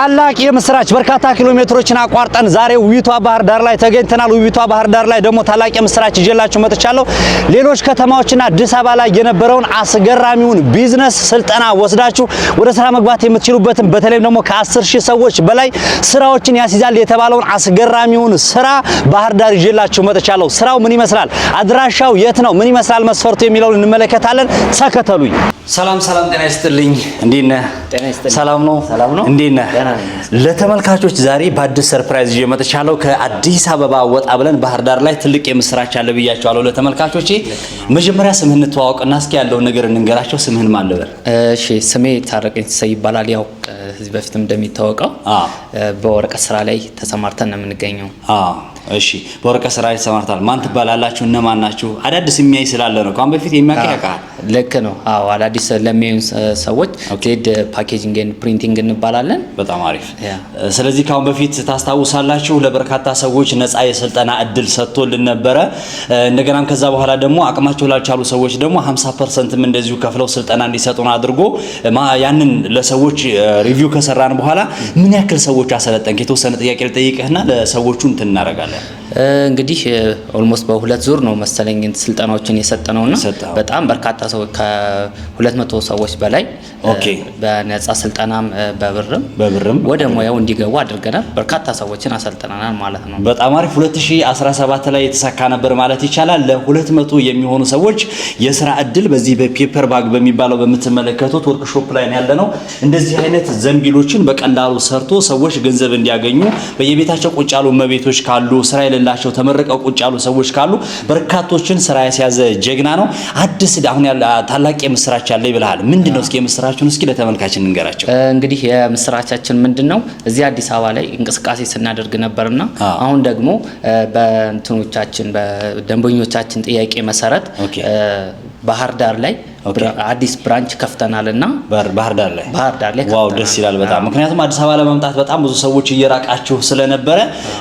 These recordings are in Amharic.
ታላቅ የምስራች በርካታ ኪሎ ሜትሮችን አቋርጠን ዛሬ ውቢቷ ባህር ዳር ላይ ተገኝተናል። ውቢቷ ባህር ዳር ላይ ደግሞ ታላቅ የምስራች ይዤላችሁ መጥቻለሁ። ሌሎች ከተማዎችና አዲስ አበባ ላይ የነበረውን አስገራሚውን ቢዝነስ ስልጠና ወስዳችሁ ወደ ስራ መግባት የምትችሉበትን በተለይም ደግሞ ከአስር ሺህ ሰዎች በላይ ስራዎችን ያስይዛል የተባለውን አስገራሚውን ስራ ባህር ዳር ይዤላችሁ መጥቻለሁ። ስራው ምን ይመስላል? አድራሻው የት ነው? ምን ይመስላል መስፈርቱ የሚለውን እንመለከታለን። ተከተሉኝ። ሰላም ሰላም፣ ጤና ይስጥልኝ። እንዴት ነህ? ሰላም ነው። እንዴት ነህ? ለተመልካቾች ዛሬ በአዲስ ሰርፕራይዝ ይዤ መጥቻለሁ። ከአዲስ አበባ ወጣ ብለን ባህር ዳር ላይ ትልቅ የምስራች አለ ብያቸዋለሁ ለተመልካቾች። መጀመሪያ ስምህን እንተዋወቅና እስኪ ያለውን ነገር እንንገራቸው። ስምህን ማን ልበል? እሺ ስሜ ታረቀኝ ሰይ ይባላል። ያው ከዚህ በፊትም እንደሚታወቀው በወረቀት ስራ ላይ ተሰማርተን ነው የምንገኘው። እሺ በወረቀት ስራ ላይ ተሰማርታል። ማን ትባላላችሁ? እነማን ናችሁ? አዳዲስ የሚያይ ስላለ ነው። ከአሁን በፊት የሚያውቅ ልክ ነው። አዎ አዳዲስ ለሚሆን ሰዎች ዜድ ፓኬጂንግ ኤንድ ፕሪንቲንግ እንባላለን። በጣም አሪፍ። ስለዚህ ካሁን በፊት ታስታውሳላችሁ ለበርካታ ሰዎች ነፃ የስልጠና እድል ሰጥቶልን ነበረ። እንደገናም ከዛ በኋላ ደግሞ አቅማቸው ላልቻሉ ሰዎች ደግሞ 50 ፐርሰንትም እንደዚሁ ከፍለው ስልጠና እንዲሰጡን አድርጎ ያንን ለሰዎች ሪቪው ከሰራን በኋላ ምን ያክል ሰዎች አሰለጠንክ? የተወሰነ ጥያቄ ልጠይቅህና ለሰዎቹ እንትን እናደርጋለን እንግዲህ ኦልሞስት በሁለት ዙር ነው መሰለኝ ስልጠናዎችን የሰጠ ነውና በጣም በርካታ ሰው ከ መቶ ሰዎች በላይ በነጻ ስልጠናም በብርም በብርም ወደ ሙያው እንዲገቡ አድርገናል። በርካታ ሰዎችን አሰልጥነናል ማለት ነው። በጣም አሪፍ 2017 ላይ የተሳካ ነበር ማለት ይቻላል። ለ መቶ የሚሆኑ ሰዎች የስራ እድል በዚህ በፔፐር ባግ በሚባለው በምትመለከቱት ወርክሾፕ ላይ ያለ ነው። እንደዚህ አይነት ዘንቢሎችን በቀላሉ ሰርቶ ሰዎች ገንዘብ እንዲያገኙ በየቤታቸው ቁጭ ያሉ እመቤቶች ካሉ ስራ የሌላቸው ተመርቀው ቁጭ ያሉ ሰዎች ካሉ በርካቶችን ስራ ያስያዘ ጀግና ነው። አዲስ አሁን ያለ ታላቅ የምስራች አለ ይብልሃል። ምንድን ነው እስኪ የምስራችን እስኪ ለተመልካችን እንገራቸው። እንግዲህ የምስራቻችን ምንድን ነው? እዚህ አዲስ አበባ ላይ እንቅስቃሴ ስናደርግ ነበርና አሁን ደግሞ በእንትኖቻችን በደንበኞቻችን ጥያቄ መሰረት ባህር ዳር ላይ አዲስ ብራንች ከፍተናል እና ባህር ዳር ላይ ባህር ዳር ላይ ዋው ደስ ይላል በጣም ምክንያቱም አዲስ አበባ ለመምጣት በጣም ብዙ ሰዎች እየራቃችሁ ስለነበረ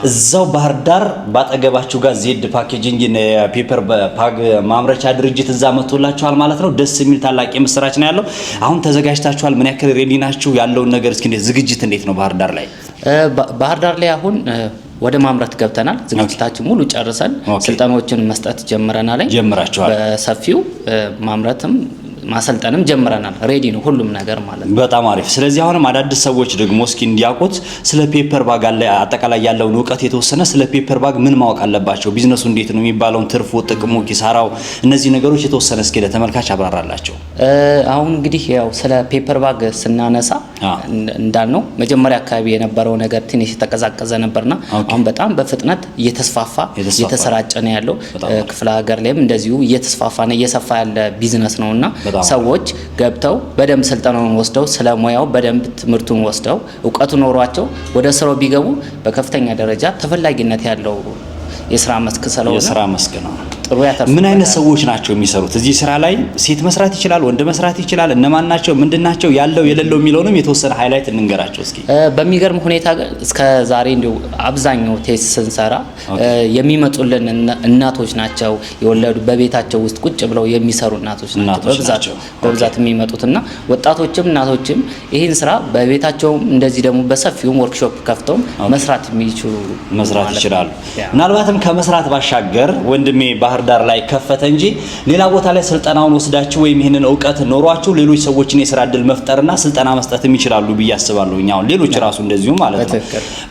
እዛው ባህር ዳር ባጠገባችሁ ጋር ዜድ ፓኬጂንግን ፔፐር ፓግ ማምረቻ ድርጅት እዛ መጥቶላችኋል ማለት ነው ደስ የሚል ታላቅ የምስራች ነው ያለው አሁን ተዘጋጅታችኋል ምን ያክል ሬዲ ናችሁ ያለውን ነገር እስኪ ዝግጅት እንዴት ነው ባህር ዳር ላይ ባህር ዳር ላይ አሁን ወደ ማምረት ገብተናል። ዝግጅታችን ሙሉ ጨርሰን ስልጠናዎችን መስጠት ጀምረናል። ጀምራችኋል? በሰፊው ማምረትም ማሰልጠንም ጀምረናል። ሬዲ ነው ሁሉም ነገር ማለት ነው። በጣም አሪፍ። ስለዚህ አሁንም አዳዲስ ሰዎች ደግሞ እስኪ እንዲያውቁት ስለ ፔፐር ባግ አጠቃላይ ያለውን እውቀት የተወሰነ ስለ ፔፐር ባግ ምን ማወቅ አለባቸው፣ ቢዝነሱ እንዴት ነው የሚባለውን፣ ትርፉ፣ ጥቅሙ፣ ኪሳራው፣ እነዚህ ነገሮች የተወሰነ እስኪ ለተመልካች አብራራላቸው። አሁን እንግዲህ ያው ስለ ፔፐር ባግ ስናነሳ እንዳልነው መጀመሪያ አካባቢ የነበረው ነገር ትንሽ የተቀዛቀዘ ነበርና አሁን በጣም በፍጥነት እየተስፋፋ እየተሰራጨ ነው ያለው። ክፍለ ሀገር ላይም እንደዚሁ እየተስፋፋ ነው እየሰፋ ያለ ቢዝነስ ነው እና ሰዎች ገብተው በደንብ ስልጠናውን ወስደው ስለ ሙያው በደንብ ትምህርቱን ወስደው እውቀቱ ኖሯቸው ወደ ስራው ቢገቡ በከፍተኛ ደረጃ ተፈላጊነት ያለው የስራ መስክ ስለሆነ የስራ መስክ ነው። ምን አይነት ሰዎች ናቸው የሚሰሩት እዚህ ስራ ላይ? ሴት መስራት ይችላል፣ ወንድ መስራት ይችላል። እነማን ናቸው? ምንድን ናቸው? ያለው የሌለው የሚለውንም የተወሰነ ሃይላይት እንንገራቸው እስኪ። በሚገርም ሁኔታ እስከ ዛሬ እንዲሁ አብዛኛው ቴስት ስንሰራ የሚመጡልን እናቶች ናቸው የወለዱ በቤታቸው ውስጥ ቁጭ ብለው የሚሰሩ እናቶች ናቸው በብዛት የሚመጡት እና ወጣቶችም እናቶችም ይህን ስራ በቤታቸውም እንደዚህ ደግሞ በሰፊውም ወርክሾፕ ከፍተውም መስራት የሚችሉ መስራት ይችላሉ። ምናልባትም ከመስራት ባሻገር ወንድሜ ባህር ባህር ዳር ላይ ከፈተ እንጂ ሌላ ቦታ ላይ ስልጠናውን ወስዳችሁ ወይም ይህንን እውቀት ኖሯችሁ ሌሎች ሰዎችን የስራ እድል መፍጠርና ስልጠና መስጠትም ይችላሉ ብዬ አስባለሁ። አሁን ሌሎች ራሱ እንደዚሁ ማለት ነው።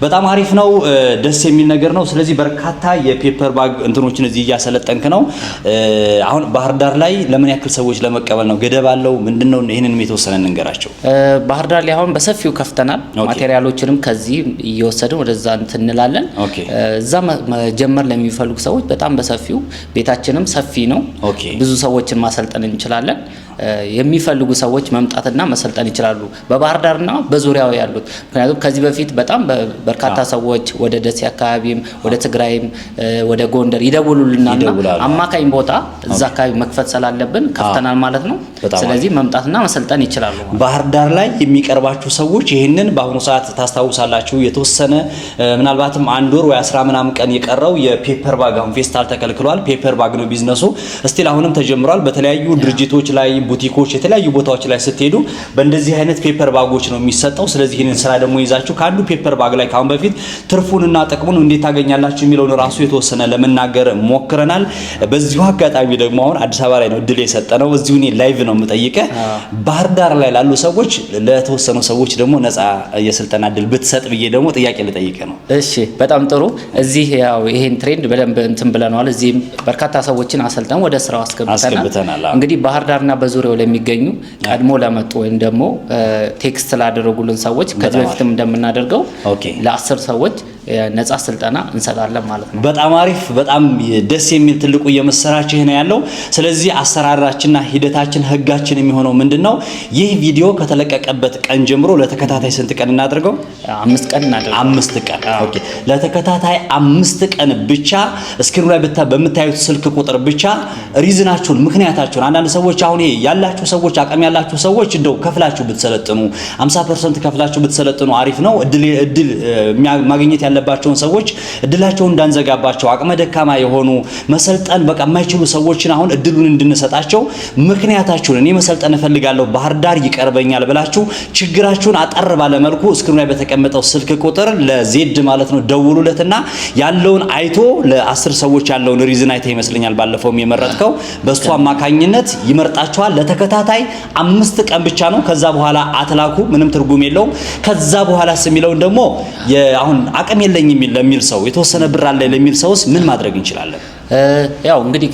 በጣም አሪፍ ነው፣ ደስ የሚል ነገር ነው። ስለዚህ በርካታ የፔፐር ባግ እንትኖችን እዚህ እያሰለጠንክ ነው። አሁን ባህር ዳር ላይ ለምን ያክል ሰዎች ለመቀበል ነው ገደብ አለው? ምንድነው? ይህንን የተወሰነ እንንገራቸው። ባህር ዳር ላይ አሁን በሰፊው ከፍተናል። ማቴሪያሎችንም ከዚህ እየወሰድን ወደዛ እንትን እንላለን። እዛ መጀመር ለሚፈልጉ ሰዎች በጣም በሰፊው ቤታችንም ሰፊ ነው። ብዙ ሰዎችን ማሰልጠን እንችላለን። የሚፈልጉ ሰዎች መምጣትና መሰልጠን ይችላሉ፣ በባህር ዳርና በዙሪያው ያሉት። ምክንያቱም ከዚህ በፊት በጣም በርካታ ሰዎች ወደ ደሴ አካባቢም ወደ ትግራይም ወደ ጎንደር ይደውሉልና አማካኝ ቦታ እዛ አካባቢ መክፈት ስላለብን ከፍተናል ማለት ነው። ስለዚህ መምጣትና መሰልጠን ይችላሉ። ባህር ዳር ላይ የሚቀርባችሁ ሰዎች ይህንን በአሁኑ ሰዓት ታስታውሳላችሁ። የተወሰነ ምናልባትም አንድ ወር ወይ አስራ ምናምን ቀን የቀረው የፔፐር ባግ አሁን ፌስታል ተከልክሏል። ፔፐር ባግ ነው ቢዝነሱ። እስቲል አሁንም ተጀምሯል። በተለያዩ ድርጅቶች ላይ ቡቲኮች፣ የተለያዩ ቦታዎች ላይ ስትሄዱ በእንደዚህ አይነት ፔፐር ባጎች ነው የሚሰጠው። ስለዚህ ይህንን ስራ ደግሞ ይዛችሁ ከአንዱ ፔፐር ባግ ላይ ከአሁን በፊት ትርፉንና ጥቅሙን እንዴት ታገኛላችሁ የሚለውን ራሱ የተወሰነ ለመናገር ሞክረናል። በዚሁ አጋጣሚ ደግሞ አሁን አዲስ አበባ ላይ ነው እድል የሰጠ ነው። እዚሁ እኔ ላይቭ ነው የምጠይቀ ባህር ዳር ላይ ላሉ ሰዎች ለተወሰኑ ሰዎች ደግሞ ነፃ የስልጠና እድል ብትሰጥ ብዬ ደግሞ ጥያቄ ልጠይቀ ነው። እሺ፣ በጣም ጥሩ። እዚህ ያው ይሄን ትሬንድ በደንብ እንትን ብለነዋል። እዚህም በርካታ ሰዎችን አሰልጠን ወደ ስራው አስገብተናል። እንግዲህ ባህር ዳርና በዙ በዙሪያው ለሚገኙ ቀድሞ ለመጡ ወይም ደግሞ ቴክስት ላደረጉልን ሰዎች ከዚህ በፊትም እንደምናደርገው ለአስር ሰዎች ነጻ ስልጠና እንሰጣለን ማለት ነው። በጣም አሪፍ፣ በጣም ደስ የሚል ትልቁ የመሰራች ነው ያለው። ስለዚህ አሰራራችንና ሂደታችን ህጋችን የሚሆነው ምንድን ነው? ይህ ቪዲዮ ከተለቀቀበት ቀን ጀምሮ ለተከታታይ ስንት ቀን እናደርገው? አምስት ቀን እናደርገው። አምስት ቀን ኦኬ። ለተከታታይ አምስት ቀን ብቻ እስክሪኑ ላይ በምታዩት ስልክ ቁጥር ብቻ ሪዝናችሁን ምክንያታችሁን አንዳንድ ሰዎች አሁን ይሄ ያላችሁ ሰዎች አቅም ያላችሁ ሰዎች እንደው ከፍላችሁ ብትሰለጥኑ 50 ከፍላችሁ ብትሰለጥኑ አሪፍ ነው እድል እድል ማግኘት ያለ ያለባቸውን ሰዎች እድላቸውን እንዳንዘጋባቸው አቅመ ደካማ የሆኑ መሰልጠን በቃ የማይችሉ ሰዎችን አሁን እድሉን እንድንሰጣቸው ምክንያታችሁን እኔ መሰልጠን እፈልጋለሁ ባህር ዳር ይቀርበኛል ብላችሁ ችግራችሁን አጠር ባለመልኩ መልኩ ላይ በተቀመጠው ስልክ ቁጥር ለዜድ ማለት ነው ደውሉለትና ያለውን አይቶ ለአስር ሰዎች ያለውን ሪዝን አይተ ይመስለኛል ባለፈውም የመረጥከው በእሱ አማካኝነት ይመርጣቸዋል ለተከታታይ አምስት ቀን ብቻ ነው። ከዛ በኋላ አትላኩ፣ ምንም ትርጉም የለውም። ከዛ በኋላ ስሚለውን ደግሞ አሁን አቅም የለኝም ለሚል ሰው የተወሰነ ብር አለ ለሚል ሰውስ ምን ማድረግ እንችላለን? ያው እንግዲህ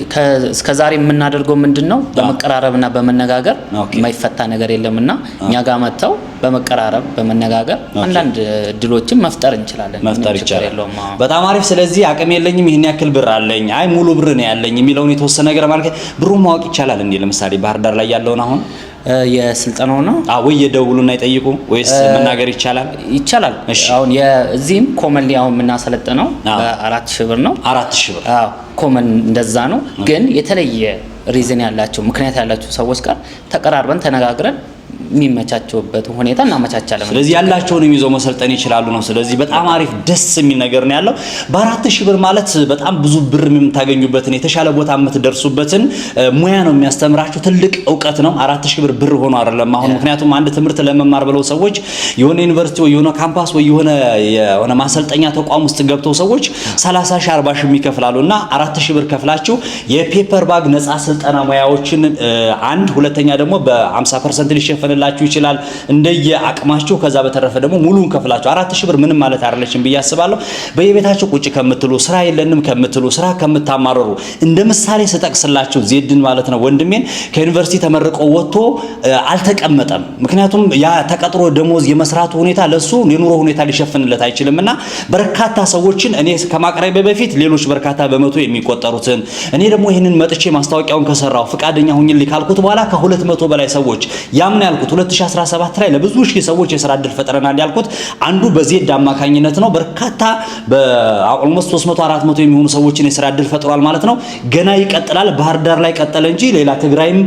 እስከዛሬ የምናደርገው ምንድን ነው? በመቀራረብና በመነጋገር የማይፈታ ነገር የለምና እኛ ጋር መጥተው በመቀራረብ በመነጋገር አንዳንድ እድሎችን መፍጠር እንችላለን። መፍጠር ይቻላል። በጣም አሪፍ። ስለዚህ አቅም የለኝም ይህን ያክል ብር አለኝ፣ አይ ሙሉ ብር ነው ያለኝ የሚለውን የተወሰነ ነገር ማለት ብሩን ማወቅ ይቻላል እንዴ? ለምሳሌ ባህር ዳር ላይ ያለውን አሁን የስልጠናው ነው ወይ የደውሉና ይጠይቁ ወይስ መናገር ይቻላል? ይቻላል። አሁን የዚህም ኮመን ላይ አሁን የምናሰለጥነው አራት ሺህ ብር ነው። አራት ሺህ ብር ኮመን እንደዛ ነው። ግን የተለየ ሪዝን ያላቸው ምክንያት ያላቸው ሰዎች ጋር ተቀራርበን ተነጋግረን የሚመቻቸውበት ሁኔታ እናመቻቻለን። ስለዚህ ያላቸውን ይዘው መሰልጠን ይችላሉ ነው። ስለዚህ በጣም አሪፍ ደስ የሚል ነገር ነው ያለው። በአራት ሺህ ብር ማለት በጣም ብዙ ብር የምታገኙበትን የተሻለ ቦታ የምትደርሱበትን ሙያ ነው የሚያስተምራችሁ። ትልቅ እውቀት ነው። አራት ሺህ ብር ብር ሆኖ አይደለም አሁን። ምክንያቱም አንድ ትምህርት ለመማር ብለው ሰዎች የሆነ ዩኒቨርሲቲ ወይ የሆነ ካምፓስ ወይ የሆነ ማሰልጠኛ ተቋም ውስጥ ገብተው ሰዎች 30 ሺህ 40 ሺህ የሚከፍላሉ እና አራት ሺህ ብር ከፍላችሁ የፔፐር ባግ ነፃ ስልጠና ሙያዎችን አንድ ሁለተኛ ደግሞ በ50 ሊሸፈንላ ሊከፍላችሁ ይችላል እንደየ አቅማችሁ። ከዛ በተረፈ ደግሞ ሙሉን ከፍላችሁ አራት ሺህ ብር ምንም ማለት አይደለችም ብዬ አስባለሁ። በየቤታችሁ ቁጭ ከምትሉ ስራ የለንም ከምትሉ ስራ ከምታማረሩ እንደ ምሳሌ ስጠቅስላችሁ ዜድን ማለት ነው ወንድሜን ከዩኒቨርሲቲ ተመርቆ ወጥቶ አልተቀመጠም። ምክንያቱም ያ ተቀጥሮ ደሞዝ የመስራቱ ሁኔታ ለሱ የኑሮ ሁኔታ ሊሸፍንለት አይችልምና በርካታ ሰዎችን እኔ ከማቅረቤ በፊት ሌሎች በርካታ በመቶ የሚቆጠሩትን እኔ ደግሞ ይህንን መጥቼ ማስታወቂያውን ከሰራው ፈቃደኛ ሁኝልኝ ካልኩት በኋላ ከሁለት መቶ በላይ ሰዎች ያምን ያልኩት 2017 ላይ ለብዙ ሺህ ሰዎች የስራ እድል ፈጥረናል ያልኩት አንዱ በዜድ አማካኝነት ነው። በርካታ በኦልሞስት 300 400 የሚሆኑ ሰዎችን የስራ እድል ፈጥሯል ማለት ነው። ገና ይቀጥላል። ባህር ዳር ላይ ቀጠለ እንጂ ሌላ ትግራይም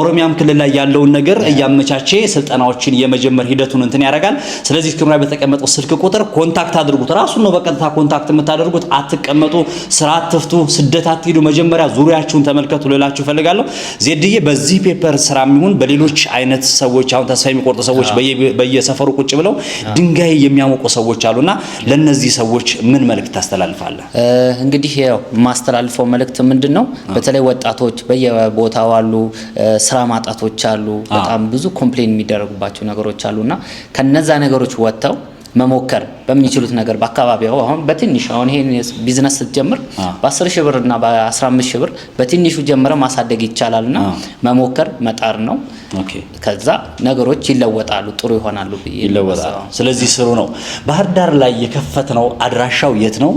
ኦሮሚያም ክልል ላይ ያለውን ነገር እያመቻቸ ስልጠናዎችን የመጀመር ሂደቱን እንትን ያደርጋል። ስለዚህ ስክሪኑ ላይ በተቀመጠው ስልክ ቁጥር ኮንታክት አድርጉት። ራሱን ነው በቀጥታ ኮንታክት የምታደርጉት። አትቀመጡ፣ ስራ አትፍቱ፣ ስደት አትሂዱ። መጀመሪያ ዙሪያችሁን ተመልከቱ ልላችሁ ፈልጋለሁ። ዜድዬ በዚህ ፔፐር ስራ የሚሆን በሌሎች አይነት ሰው ሰዎች አሁን ተስፋ የሚቆርጡ ሰዎች በየሰፈሩ ቁጭ ብለው ድንጋይ የሚያሞቁ ሰዎች አሉና ለነዚህ ሰዎች ምን መልእክት ታስተላልፋለህ? እንግዲህ ያው የማስተላልፈው መልእክት ምንድን ነው? በተለይ ወጣቶች በየቦታው አሉ፣ ስራ ማጣቶች አሉ፣ በጣም ብዙ ኮምፕሌን የሚደረጉባቸው ነገሮች አሉና ከነዛ ነገሮች ወጥተው መሞከር በሚችሉት ነገር በአካባቢው አሁን በትንሽ አሁን ይሄን ቢዝነስ ስትጀምር በ10 ሺህ ብር እና በ15 ሺህ ብር በትንሹ ጀምረ ማሳደግ ይቻላልና መሞከር መጣር ነው። ከዛ ነገሮች ይለወጣሉ፣ ጥሩ ይሆናሉ ብዬ ይለወጣሉ። ስለዚህ ስሩ ነው። ባህር ዳር ላይ የከፈት ነው። አድራሻው የት ነው?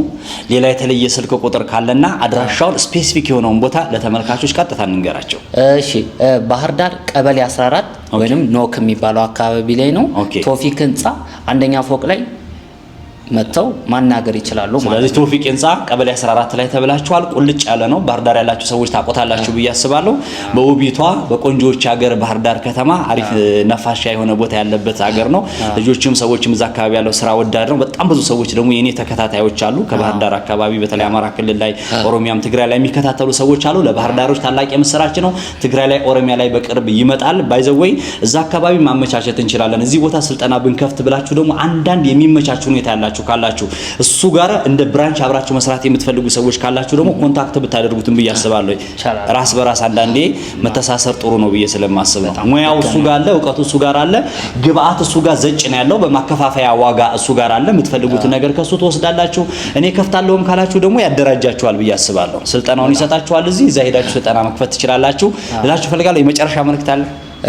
ሌላ የተለየ ስልክ ቁጥር ካለና አድራሻውን ስፔሲፊክ የሆነውን ቦታ ለተመልካቾች ቀጥታ እንንገራቸው። እሺ፣ ባህር ዳር ቀበሌ 14 ወይም ኖክ የሚባለው አካባቢ ላይ ነው። ቶፊክ ህንፃ አንደኛ ፎቅ ላይ መጥተው ማናገር ይችላሉ ማለት ስለዚህ ቶፊቅ ህንፃ ቀበሌ 14 ላይ ተብላችኋል። ቁልጭ ያለ ነው። ባህር ዳር ያላችሁ ሰዎች ታቆታላችሁ ብዬ አስባለሁ። በውቢቷ በቆንጆዎች ሀገር ባህር ዳር ከተማ አሪፍ ነፋሻ የሆነ ቦታ ያለበት ሀገር ነው። ልጆችም ሰዎችም እዛ አካባቢ ያለው ስራ ወዳድ ነው። በጣም ብዙ ሰዎች ደግሞ የኔ ተከታታዮች አሉ ከባህር ዳር አካባቢ በተለይ አማራ ክልል ላይ ኦሮሚያም ትግራይ ላይ የሚከታተሉ ሰዎች አሉ። ለባህር ዳሮች ታላቅ የምስራች ነው። ትግራይ ላይ ኦሮሚያ ላይ በቅርብ ይመጣል። ባይዘወይ እዛ አካባቢ ማመቻቸት እንችላለን። እዚህ ቦታ ስልጠና ብንከፍት ብላችሁ ደግሞ አንዳንድ የሚመቻች ሁኔታ ያላችሁ ያላችሁ ካላችሁ እሱ ጋር እንደ ብራንች አብራችሁ መስራት የምትፈልጉ ሰዎች ካላችሁ ደግሞ ኮንታክት ብታደርጉትም ብዬ አስባለሁ። ራስ በራስ አንዳንዴ መተሳሰር ጥሩ ነው ብዬ ስለማስብ ነው። ሙያው እሱ ጋር አለ፣ እውቀቱ እሱ ጋር አለ፣ ግብአት እሱ ጋር ዘጭ ነው ያለው። በማከፋፈያ ዋጋ እሱ ጋር አለ። የምትፈልጉትን ነገር ከሱ ትወስዳላችሁ። እኔ ከፍታለሁም ካላችሁ ደግሞ ያደራጃችኋል ብዬ አስባለሁ። ስልጠናውን ይሰጣችኋል። እዚህ እዛ ሄዳችሁ ስልጠና መክፈት ትችላላችሁ ልላችሁ ፈልጋለሁ። የመጨረሻ መልእክት አለ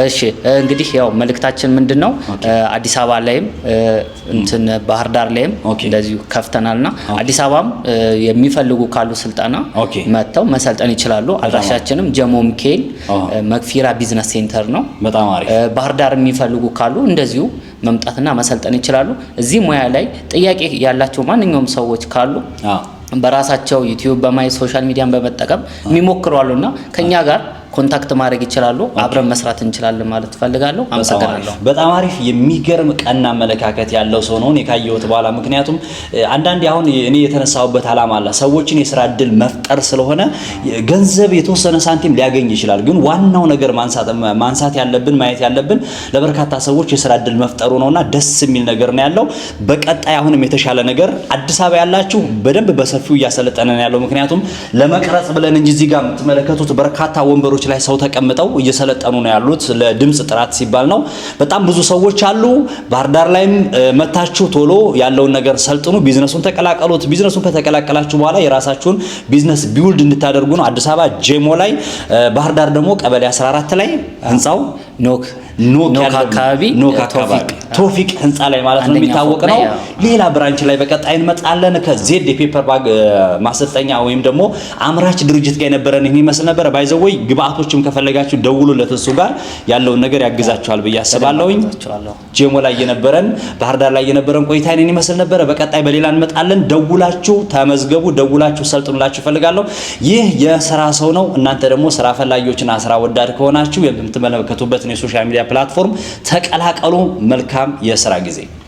እሺ እንግዲህ ያው መልእክታችን ምንድን ነው? አዲስ አበባ ላይም እንትን ባህር ዳር ላይም እንደዚሁ ከፍተናልና አዲስ አበባም የሚፈልጉ ካሉ ስልጠና መጥተው መሰልጠን ይችላሉ። አድራሻችንም ጀሞ ሚካኤል መክፊራ ቢዝነስ ሴንተር ነው። በጣም አሪፍ። ባህር ዳር የሚፈልጉ ካሉ እንደዚሁ መምጣትና መሰልጠን ይችላሉ። እዚህ ሙያ ላይ ጥያቄ ያላቸው ማንኛውም ሰዎች ካሉ በራሳቸው ዩቲዩብ በማየት ሶሻል ሚዲያን በመጠቀም የሚሞክሯሉና ከኛ ጋር ኮንታክት ማድረግ ይችላሉ። አብረን መስራት እንችላለን ማለት ትፈልጋለሁ። አመሰግናለሁ። በጣም አሪፍ የሚገርም ቀና አመለካከት ያለው ሰው ነው የካየሁት በኋላ። ምክንያቱም አንዳንዴ አሁን እኔ የተነሳሁበት አላማ አለ ሰዎችን የስራ እድል መፍጠር ስለሆነ ገንዘብ የተወሰነ ሳንቲም ሊያገኝ ይችላል። ግን ዋናው ነገር ማንሳት ያለብን ማየት ያለብን ለበርካታ ሰዎች የስራ እድል መፍጠሩ ነውና ደስ የሚል ነገር ነው ያለው። በቀጣይ አሁንም የተሻለ ነገር አዲስ አበባ ያላችሁ በደንብ በሰፊው እያሰለጠነን ያለው ምክንያቱም ለመቅረጽ ብለን እንጂ እዚህ ጋር የምትመለከቱት በርካታ ወንበሮች ላይ ሰው ተቀምጠው እየሰለጠኑ ነው ያሉት ለድምጽ ጥራት ሲባል ነው። በጣም ብዙ ሰዎች አሉ። ባህር ዳር ላይም መታችሁ ቶሎ ያለውን ነገር ሰልጥኑ፣ ቢዝነሱን ተቀላቀሉት። ቢዝነሱን ከተቀላቀላችሁ በኋላ የራሳችሁን ቢዝነስ ቢውልድ እንድታደርጉ ነው። አዲስ አበባ ጄሞ ላይ፣ ባህር ዳር ደግሞ ቀበሌ 14 ላይ ህንፃው ኖክ ኖክ አካባቢ ኖክ አካባቢ ቶፊቅ ህንፃ ላይ ማለት ነው የሚታወቅ ነው። ሌላ ብራንች ላይ በቀጣይ እንመጣለን። ከዜድ የፔፐር ባግ ማሰልጠኛ ወይም ደግሞ አምራች ድርጅት ጋር የነበረን የሚመስል ነበረ። ባይዘወይ ግብአቶችም ከፈለጋችሁ ደውሉ፣ ለተሱ ጋር ያለውን ነገር ያግዛችኋል ብዬ አስባለሁኝ። ጄሞ ላይ የነበረን ባህር ዳር ላይ የነበረን ቆይታ ይህን ይመስል ነበረ። በቀጣይ በሌላ እንመጣለን። ደውላችሁ ተመዝገቡ፣ ደውላችሁ ሰልጥኑላችሁ እፈልጋለሁ። ይህ የስራ ሰው ነው። እናንተ ደግሞ ስራ ፈላጊዎችና ስራ ወዳድ ከሆናችሁ የምትመለከቱበትን የሶሻል ሚዲያ ፕላትፎርም ተቀላቀሉ። መልካም መልካም የስራ ጊዜ